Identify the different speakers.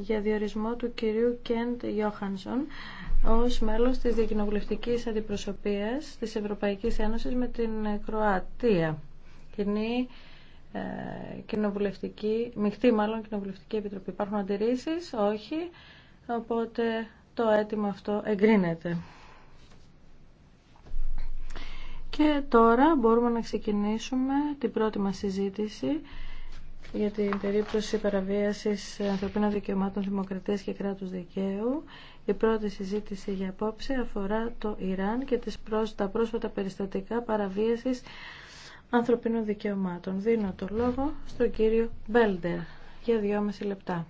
Speaker 1: για διορισμό του κυρίου Κέντ Ιόχανσον ως μέλος της διακοινοβουλευτικής αντιπροσωπείας της Ευρωπαϊκής Ένωσης με την Κροατία. Κοινή ε, κοινοβουλευτική, μειχτή μάλλον κοινοβουλευτική επιτροπή. Υπάρχουν αντιρρήσεις, όχι, οπότε το αίτημα αυτό εγκρίνεται. Και τώρα μπορούμε να ξεκινήσουμε την πρώτη μας συζήτηση για την περίπτωση παραβίασης ανθρωπίνων δικαιωμάτων δημοκρατίας και κράτους δικαίου. Η πρώτη συζήτηση για απόψε αφορά το Ιράν και τις τα πρόσφατα περιστατικά παραβίασης ανθρωπίνων δικαιωμάτων. Δίνω το λόγο στον κύριο Μπέλντερ για δυόμιση λεπτά.